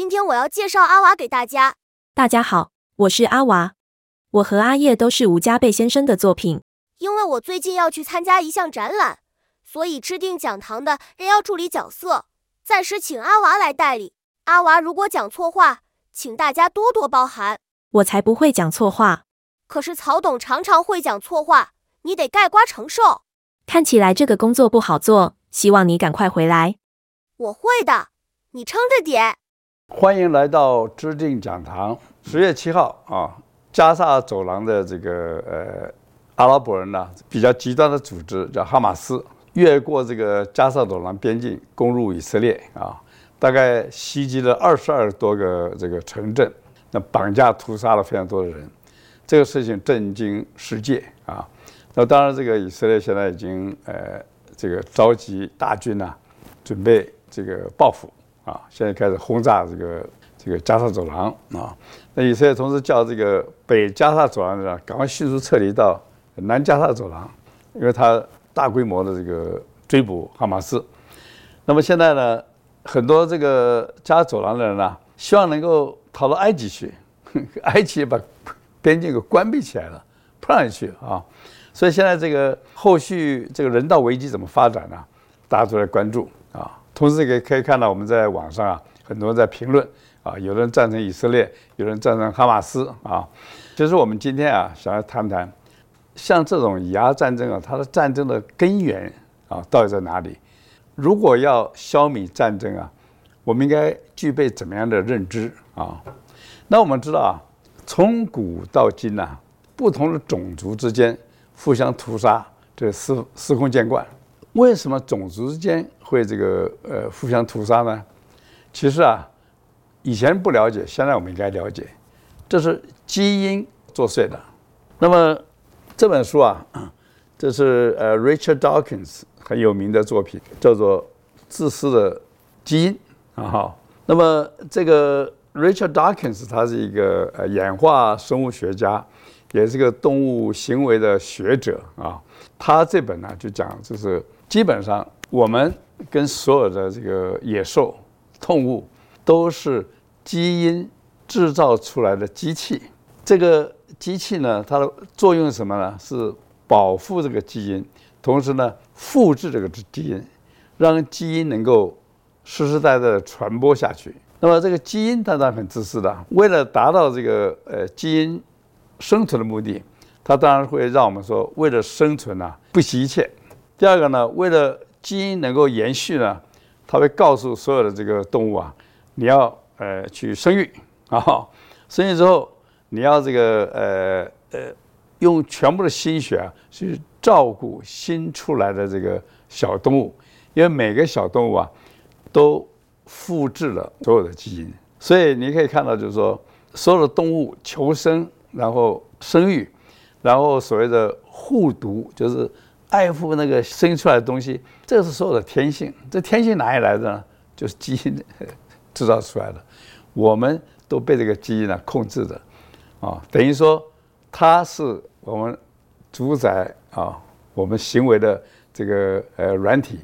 今天我要介紹阿娃給大家。大家好，我是阿娃。我和阿葉都是吳家貝先生的作品。因為我最近要去參加一項展覽，所以制定講堂知定講堂的人要助理角色，暫時請阿娃來代理。阿娃如果講錯話，請大家多多包涵。我才不會講錯話。可是曹董常常會講錯話，你得概括承受。看起來這個工作不好做，希望你趕快回來。我會的，你撐着點。歡迎來到知定講堂。十月七號啊，加沙走廊的這個呃阿拉伯人呢，比較極端的組織叫哈馬斯，越過這個加沙走廊邊境攻入以色列啊，大概襲擊了二十二多個這個城鎮，那綁架屠殺了非常多的人，這個事情震驚世界啊。那當然，這個以色列現在已經呃這個召集大軍呢、啊，準備這個報復。啊，現在開始轟炸這個這個加沙走廊啊。那以色列同時叫這個北加沙走廊的人、啊、趕快迅速撤離到南加沙走廊，因為他大規模的這個追捕哈馬斯。那麼現在呢，很多這個加薩走廊的人呢、啊，希望能夠逃到埃及去，埃及也把邊境給關閉起來了，不讓去啊。所以現在這個後續這個人道危機怎麼發展呢、啊？大家都在關注啊。同時，也可以看到我們在網上啊，很多人在評論啊，有人贊成以色列，有人贊成哈馬斯啊。其實我們今天啊，想要談談，像這種以阿戰爭啊，它的戰爭的根源啊，到底在哪裡？如果要消弭戰爭啊，我們應該具備怎麼樣的認知啊？那我們知道啊，從古到今吶、啊，不同的種族之間互相屠殺，這是、個、司空見慣。為什麼種族之間？會這個呃互相屠殺呢？其實啊，以前不了解，現在我們應該了解，這是基因作祟的。那麼這本書啊，這是呃 Richard Dawkins 很有名的作品，叫做《自私的基因》啊。哈，那麼這個 Richard Dawkins 他是一個呃演化生物學家，也是個動物行為的學者啊。他這本呢就講，就是基本上。我們跟所有的這個野獸、動物都是基因制造出來的機器。這個機器呢，它的作用是什麼呢？是保護這個基因，同時呢複製這個基因，讓基因能夠世世代代的傳播下去。那麼這個基因它當然很自私的，為了達到這個呃基因生存的目的，它當然會讓我們說，為了生存啊，不惜一切。第二個呢，為了基因能夠延續呢，它會告訴所有的這個動物啊，你要呃去生育啊，生育之後你要這個呃呃用全部的心血啊去照顧新出來的這個小動物，因為每個小動物啊都複製了所有的基因，所以你可以看到就是說所有的動物求生，然後生育，然後所謂的護犢就是。愛護那個生出來的東西，這是所有的天性。這天性哪裡來的呢？就是基因製造出來的。我們都被這個基因呢控制着，啊、哦，等於說它是我們主宰啊、哦、我們行為的這個呃軟體，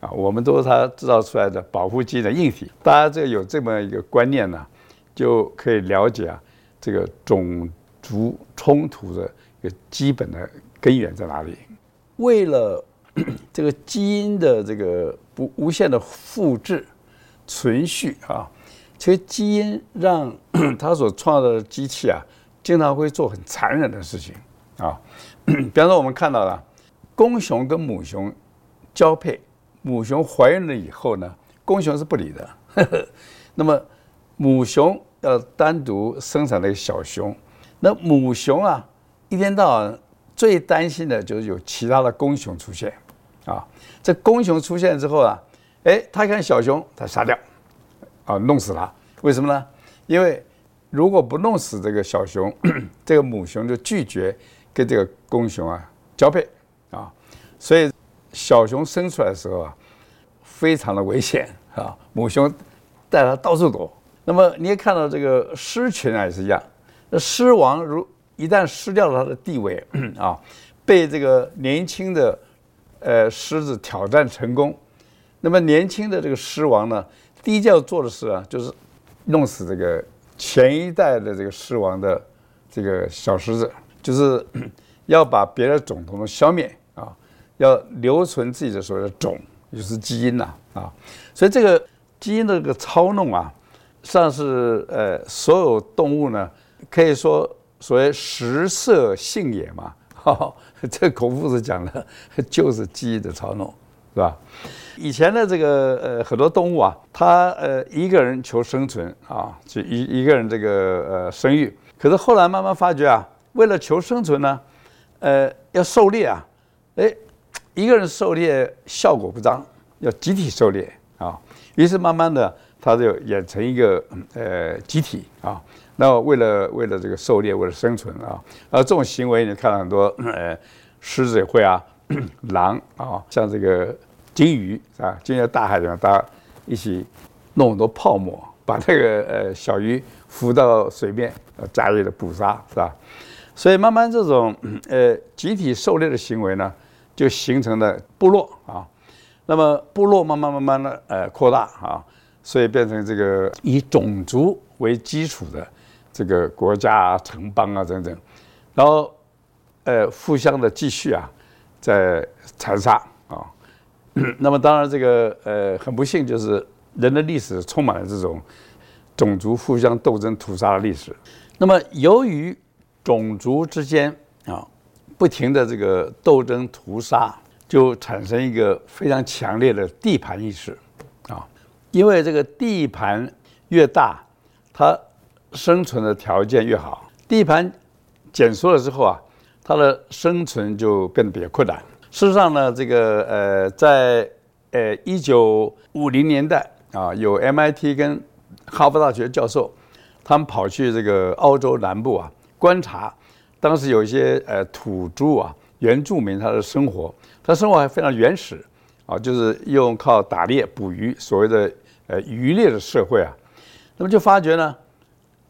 啊，我們都是它製造出來的保護基因的硬體。大家這有這麼一個觀念呢，就可以了解啊，這個種族衝突的一個基本的根源在哪裡。為了這個基因的這個不無限的複製、存續啊，其實基因讓他所創造的機器啊，經常會做很殘忍的事情啊。比方說，我們看到了公熊跟母熊交配，母熊懷孕了以後呢，公熊是不理的。那麼母熊要單獨生產那個小熊，那母熊啊，一天到晚。最擔心的就是有其他的公熊出現，啊，這公熊出現之後啊，誒、欸，他看小熊，他殺掉，啊，弄死他，為什麼呢？因為如果不弄死這個小熊，咳咳這個母熊就拒絕跟這個公熊啊交配，啊，所以小熊生出來的時候啊，非常的危險啊，母熊帶它到處躲。那麼你也看到這個獅群啊也是一樣，那獅王如。一旦失掉了他的地位啊，被這個年輕的呃獅子挑戰成功，那麼年輕的這個獅王呢，第一件要做的事啊，就是弄死這個前一代的這個獅王的這個小獅子，就是要把別的種統統消滅啊，要留存自己的所謂的種，就是基因吶啊，啊，所以這個基因的這個操弄啊，算是呃所有動物呢可以說。所謂食色性也嘛，呵呵這孔夫子講的，就是基因的操弄，是吧？以前的這個呃很多動物啊，它，呃一個人求生存啊，就一一個人這個呃生育。可是後來慢慢發覺啊，為了求生存呢，呃要狩獵啊，誒，一個人狩獵效果不彰，要集體狩獵啊，於是慢慢的。他就演成一個呃集體啊，那為了為了這個狩獵，為了生存啊，呃這種行為你看到很多，呃獅子也會啊，狼啊，像這個鯨魚啊，鯨就在大海裡面，大家一起弄很多泡沫，把那個呃小魚浮到水面，呃加以的捕殺是吧？所以慢慢這種呃集體狩獵的行為呢，就形成了部落啊，那麼部落慢慢慢慢的呃擴大啊。所以變成這個以種族為基礎的這個國家、啊、城邦啊等等，然後呃，互相的繼續啊，在殘殺啊、嗯。那麼當然，這個呃很不幸，就是人的歷史充滿了這種種族互相鬥爭、屠殺的歷史。那麼由於種族之間啊不停的這個鬥爭、屠殺，就產生一個非常強烈的地盤意識啊。因為這個地盤越大，它生存的條件越好。地盤減縮了之後啊，它的生存就變得比較困難。事實上呢，這個呃，在呃一九五零年代啊，有 MIT 跟哈佛大學教授，他們跑去這個澳洲南部啊觀察，當時有一些呃土著啊原住民，他的生活，他生活還非常原始啊，就是用靠打獵捕魚所謂的。呃，漁獵的社會啊，那麼就發覺呢，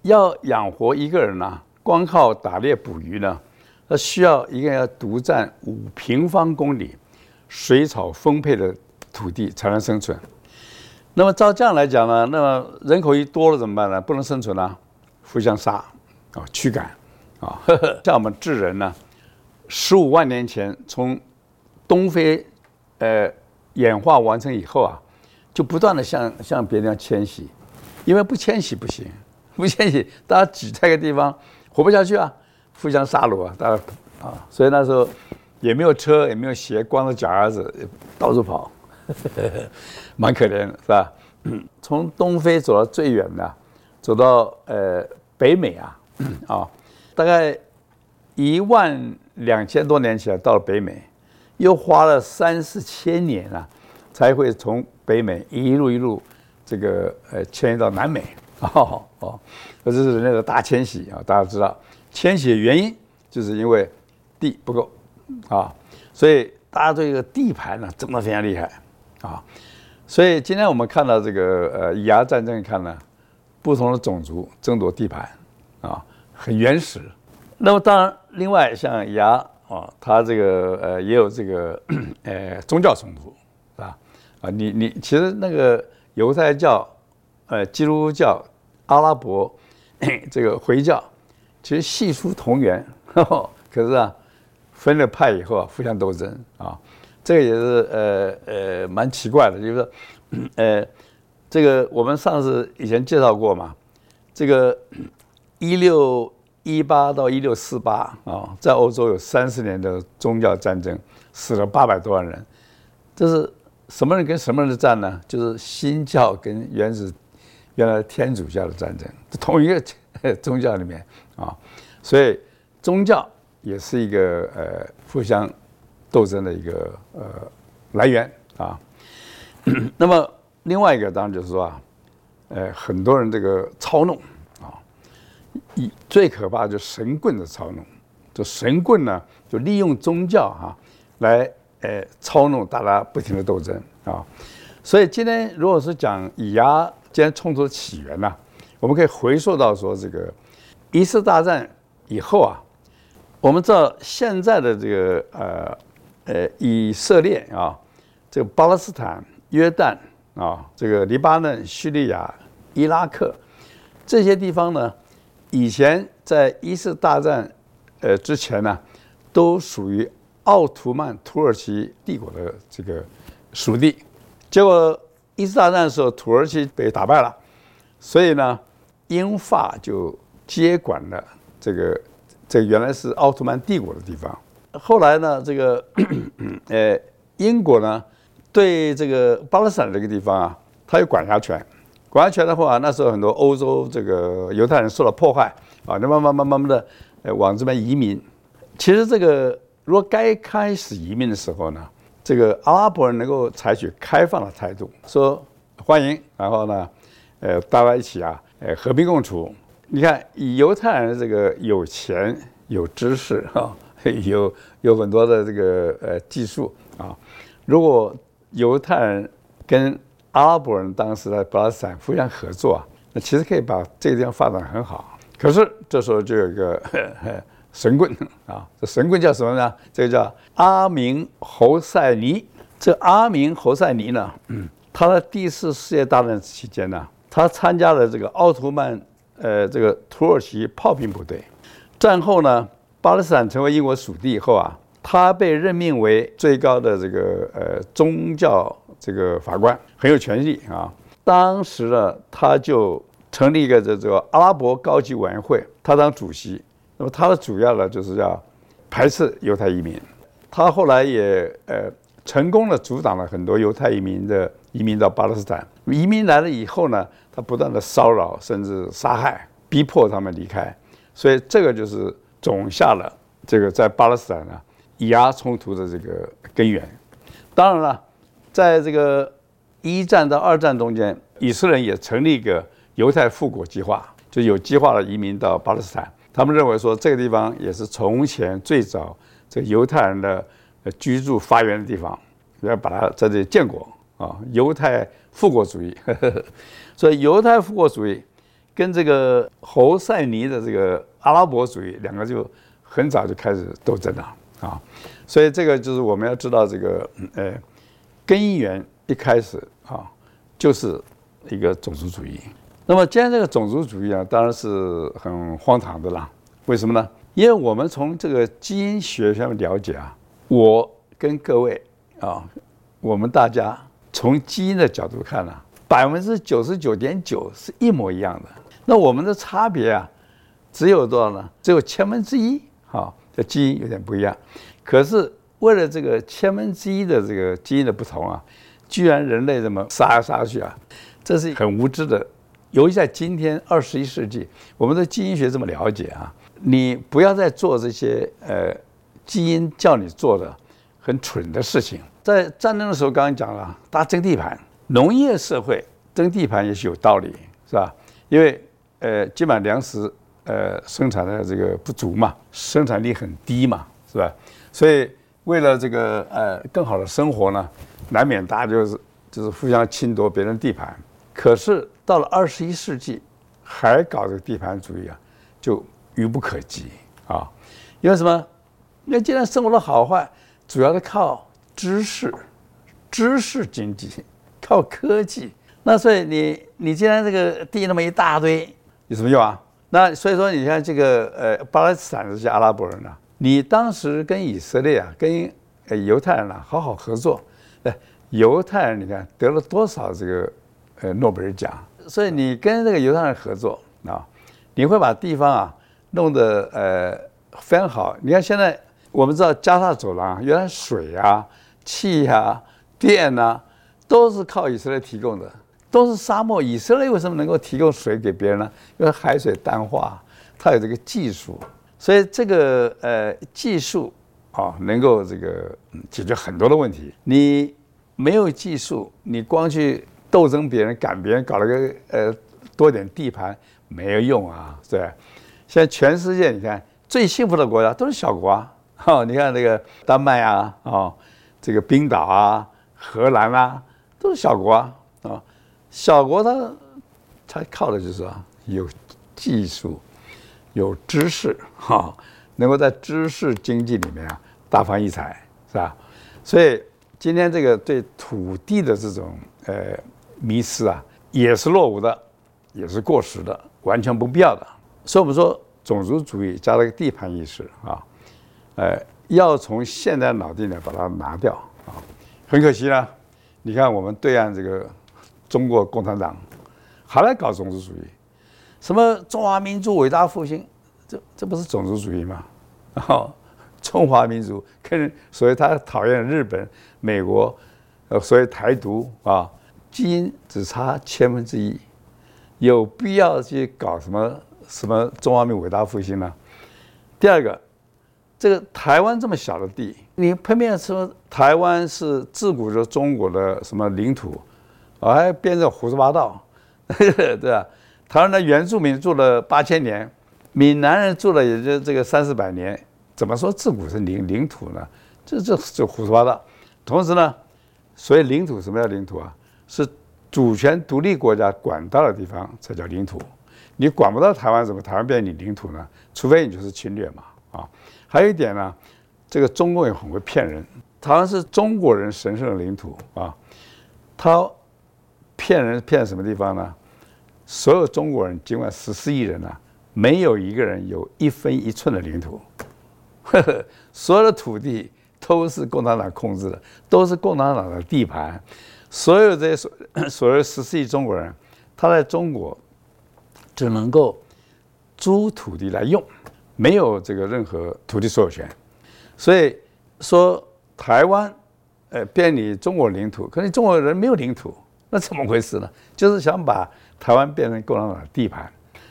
要養活一個人呢，光靠打獵捕魚呢，那需要一個人要獨占五平方公里水草豐沛的土地才能生存。那麼照這樣來講呢，那麼人口一多了怎麼辦呢？不能生存了，互相殺啊、哦，驅趕啊，哦、 像我們智人呢，十五萬年前從東非呃演化完成以後啊。就不斷的向向別人遷徙，因為不遷徙不行，不遷徙大家擠在一個地方活不下去啊，互相殺戮啊，大家啊、哦，所以那時候也沒有車也沒有鞋，光着腳丫子到處跑，呵呵蠻可憐的是吧？從東非走到最遠的，走到呃北美啊，啊、哦，大概一萬兩千多年前到了北美，又花了三四千年了、啊。才會從北美一路一路，這個呃遷移到南美啊哦，這是人類的大遷徙啊，大家知道遷徙的原因就是因為地不夠啊，所以大家對這個地盤呢爭得非常厲害啊，所以今天我們看到這個呃以阿戰爭看呢，不同的種族爭奪地盤啊，很原始。那麼當然，另外像以阿啊，它這個呃也有這個呃宗教衝突。啊，你你其實那個猶太教、呃基督教、阿拉伯、這個回教，其實系出同源呵呵，可是啊，分了派以後啊，互相鬥爭啊，這個也是呃呃蠻奇怪的，就是說，呃，這個我們上次以前介紹過嘛，這個一六一八到一六四八啊，在歐洲有三十年的宗教戰爭，死了八百多萬人，這是。什麼人跟什麼人的戰呢？就是新教跟原始，原來天主教的戰爭，同一個宗教裡面啊，所以宗教也是一個呃互相鬥爭的一個呃來源啊。那麼另外一個當然就是說啊，呃，很多人這個操弄啊，最可怕的就是神棍的操弄，就神棍呢就利用宗教哈來。呃，操弄大家不停的鬥爭啊，所以今天如果是講以阿間衝突的起源呢，我們可以回溯到說這個一次大戰以後啊，我們知道現在的這個呃呃以色列啊，這個巴勒斯坦、約旦啊，這個黎巴嫩、敘利亞、伊拉克這些地方呢，以前在一次大戰呃之前呢，都屬於。奧圖曼土耳其帝國的這個屬地，結果一次大戰的時候，土耳其被打敗了，所以呢，英法就接管了這個這個原來是奧圖曼帝國的地方。後來呢，這個呃，英國呢對這個巴勒斯坦這個地方啊，它有管轄權。管轄權的話，那時候很多歐洲這個猶太人受到迫害啊，就慢慢慢慢慢的往這邊移民。其實這個。如果該開始移民的時候呢，這個阿拉伯人能夠採取開放的態度，說歡迎，然後呢，呃，大家一起啊，呃，和平共處。你看，猶太人這個有錢、有知識啊、哦，有有很多的這個呃技術啊、哦。如果猶太人跟阿拉伯人當時在巴勒斯坦互相合作啊，那其實可以把這個地方發展很好。可是這時候就有一個，呵呵神棍啊！這神棍叫什麼呢？這個叫阿明侯賽尼。這阿明侯賽尼呢，嗯，他在第一次世界大戰期間呢，他參加了這個奧圖曼，呃，這個土耳其炮兵部隊。戰後呢，巴勒斯坦成為英國屬地以後啊，他被任命為最高的這個呃宗教這個法官，很有權力啊。當時呢，他就成立一個叫做阿拉伯高級委員會，他當主席。那麼他的主要呢，就是要排斥猶太移民。他後來也呃成功地阻擋了很多猶太移民的移民到巴勒斯坦。移民來了以後呢，他不斷的騷擾甚至殺害，逼迫他們離開。所以這個就是種下了這個在巴勒斯坦呢以阿衝突的這個根源。當然了，在這個一戰到二戰中間，以色列也成立一個猶太復國計劃，就有計劃的移民到巴勒斯坦。他們認為說，這個地方也是從前最早這個猶太人的呃居住發源的地方，要把它在這裡建國啊。猶太復國主義，所以猶太復國主義跟這個侯賽尼的這個阿拉伯主義，兩個就很早就開始鬥爭了啊。所以這個就是我們要知道這個嗯呃根源一開始啊，就是一個種族主義。那麼，今天這個種族主義啊，當然是很荒唐的啦。為什麼呢？因為我們從這個基因學上面了解啊，我跟各位啊、哦，我們大家從基因的角度看呢、啊，百分之九十九點九是一模一樣的。那我們的差別啊，只有多少呢？只有千分之一。好、哦，這基因有點不一樣。可是為了這個千分之一的這個基因的不同啊，居然人類這麼殺來殺去啊，這是很無知的。由於在今天二十一世紀，我們的基因學這麼了解啊，你不要再做這些呃基因叫你做的很蠢的事情。在戰爭的時候，剛剛講了，大家爭地盤，農業社會爭地盤也是有道理，是吧？因為呃，基本糧食呃生產的這個不足嘛，生產力很低嘛，是吧？所以為了這個呃更好的生活呢，難免大家就是就是互相侵奪別人地盤。可是。到了二十一世紀，還搞這個地盤主義啊，就愚不可及啊！因、哦、為什麼？因為既然生活的好壞主要是靠知識、知識經濟，靠科技，那所以你你既然這個地那麼一大堆，有什麼用啊？那所以說，你看這個呃，巴勒斯坦這些阿拉伯人呢，你當時跟以色列啊，跟猶太人呢、啊，好好合作，哎，猶太人你看得了多少這個呃諾貝爾獎？所以你跟這個猶太人合作啊，你會把地方啊弄得，呃非常好。你看現在我們知道加薩走廊，原來水啊、氣啊、電啊都是靠以色列提供的，都是沙漠。以色列為什麼能夠提供水給別人呢？因為海水淡化，它有這個技術。所以這個呃技術啊，能夠這個解決很多的問題。你沒有技術，你光去。鬥爭別人，趕別人，搞了個呃多點地盤沒有用啊，對。現在全世界你看最幸福的國家都是小國，哈、哦，你看那個丹麥啊，啊、哦，這個冰島啊，荷蘭啊，都是小國啊。哦、小國它它靠的就是啊有技術，有知識，哈、哦，能夠在知識經濟裡面啊大放異彩，是吧？所以今天這個對土地的這種呃。迷思啊，也是落伍的，也是過時的，完全不必要的。所以我們說，種族主義加了一個地盤意識啊，呃，要從現代腦筋裡把它拿掉啊。很可惜呢，你看我們對岸這個中國共產黨還來搞種族主義，什麼中華民族偉大復興，這這不是種族主義嗎？然、啊、後中華民族，跟所以他討厭日本、美國，所以台獨啊。基因只差千分之一，有必要去搞什麼什麼中華民族偉大復興呢？第二個，這個台灣這麼小的地，你分辨說台灣是自古就中國的什麼領土，哎，編着胡說八道，呵呵，對吧？台灣的原住民住了八千年，閩南人住了也就這個三四百年，怎麼說自古是領領土呢？這這、就、這、是、胡說八道。同時呢，所以領土什麼叫領土啊？是主權獨立國家管到的地方才叫領土，你管不到台灣，怎麼台灣變成你領土呢？除非你就是侵略嘛！啊，還有一點呢，這個中共也很會騙人。台灣是中國人神聖的領土啊，他騙人騙什麼地方呢？所有中國人，儘管十四億人呢，啊，沒有一個人有一分一寸的領土，呵呵，所有的土地都是共產黨控制的，都是共產黨的地盤。所有這些所所謂十四億中國人，他在中國只能夠租土地來用，沒有這個任何土地所有權。所以說台灣呃變成中國領土，可是中國人沒有領土，那怎麼回事呢？就是想把台灣變成共產黨的地盤。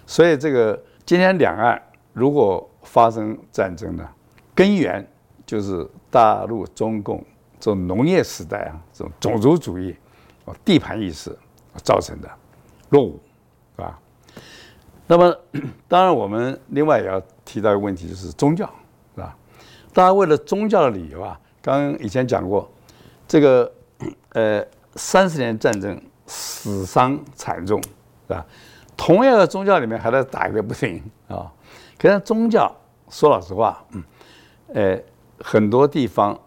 所以這個今天兩岸如果發生戰爭呢，根源就是大陸中共。這種農業時代啊，這種種族主義，啊，地盤意識造成的落伍，啊，那麼，當然我們另外也要提到一個問題，就是宗教，是吧？當然，為了宗教的理由啊，剛剛以前講過，這個呃，三十年戰爭，死傷慘重，是吧？同樣的宗教裡面還在打個不停啊。可是宗教說老實話，嗯，呃，很多地方。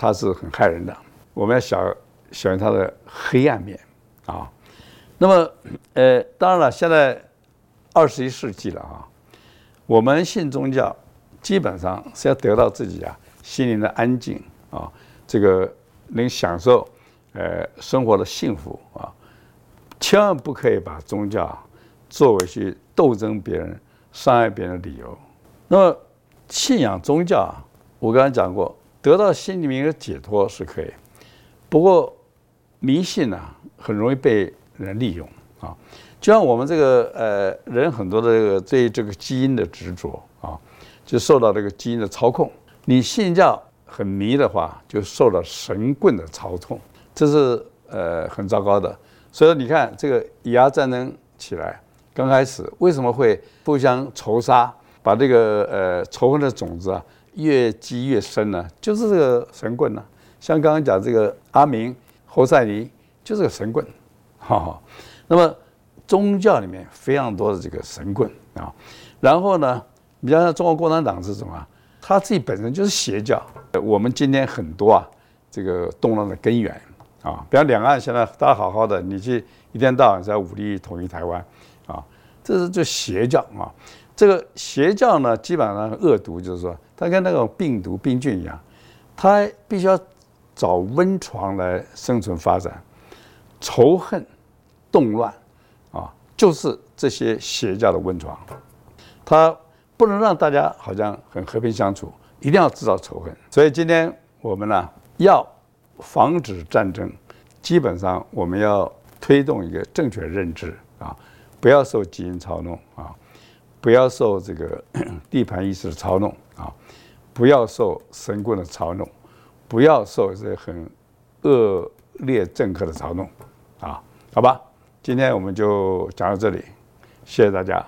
它是很害人的，我們要小小心它的黑暗面，啊，那麼，呃，當然了，現在二十一世紀了啊，我們信宗教基本上是要得到自己啊心靈的安靜啊，這個能享受呃生活的幸福啊，千萬不可以把宗教作為去鬥爭別人、傷害別人的理由。那麼信仰宗教啊，我剛才講過。得到心裡面的解脫是可以，不過迷信呢、啊、很容易被人利用啊，就像我們這個呃人很多的這個對這個基因的執着啊，就受到這個基因的操控。你信教很迷的話，就受到神棍的操控，這是呃很糟糕的。所以你看這個以阿戰爭起來，剛開始為什麼會互相仇殺，把這個呃仇恨的種子啊。越積越深呢，就是這個神棍呢、啊。像剛剛講這個阿明、侯賽尼，就是個神棍。哈哈，那麼宗教裡面非常多的這個神棍啊、哦。然後呢，你像中國共產黨這種麼、啊？他自己本身就是邪教。我們今天很多啊，這個動亂的根源啊、哦，比方兩岸現在大家好好的，你去一天到晚在武力統一台灣啊、哦，這是就邪教啊、哦。這個邪教呢，基本上惡毒，就是說。它跟那個病毒、病菌一樣，它必須要找溫床來生存發展。仇恨、動亂，啊，就是這些邪教的溫床。它不能讓大家好像很和平相處，一定要制造仇恨。所以今天我們呢，要防止戰爭，基本上我們要推動一個正確認知啊，不要受基因操弄啊，不要受這個呵呵地盤意識的操弄。不要受神棍的操弄，不要受這些很惡劣政客的操弄，啊，好吧，今天我們就講到這裡，謝謝大家。